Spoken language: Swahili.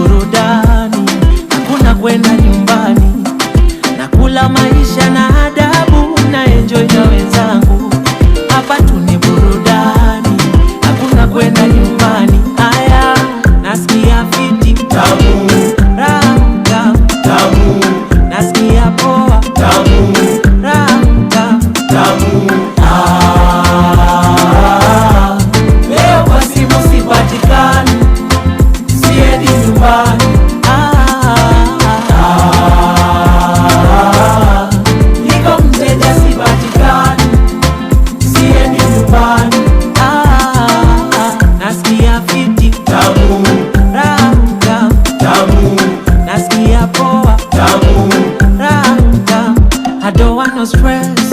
burudani, hakuna kwenda nyumbani, nakula maisha na adabu na enjoy na wenzangu. Hapa tu ni burudani, hakuna kwenda nyumbani. Aya, nasikia fiti tamu, nasikia poa tamu, tamu ah. power. I don't want no stress.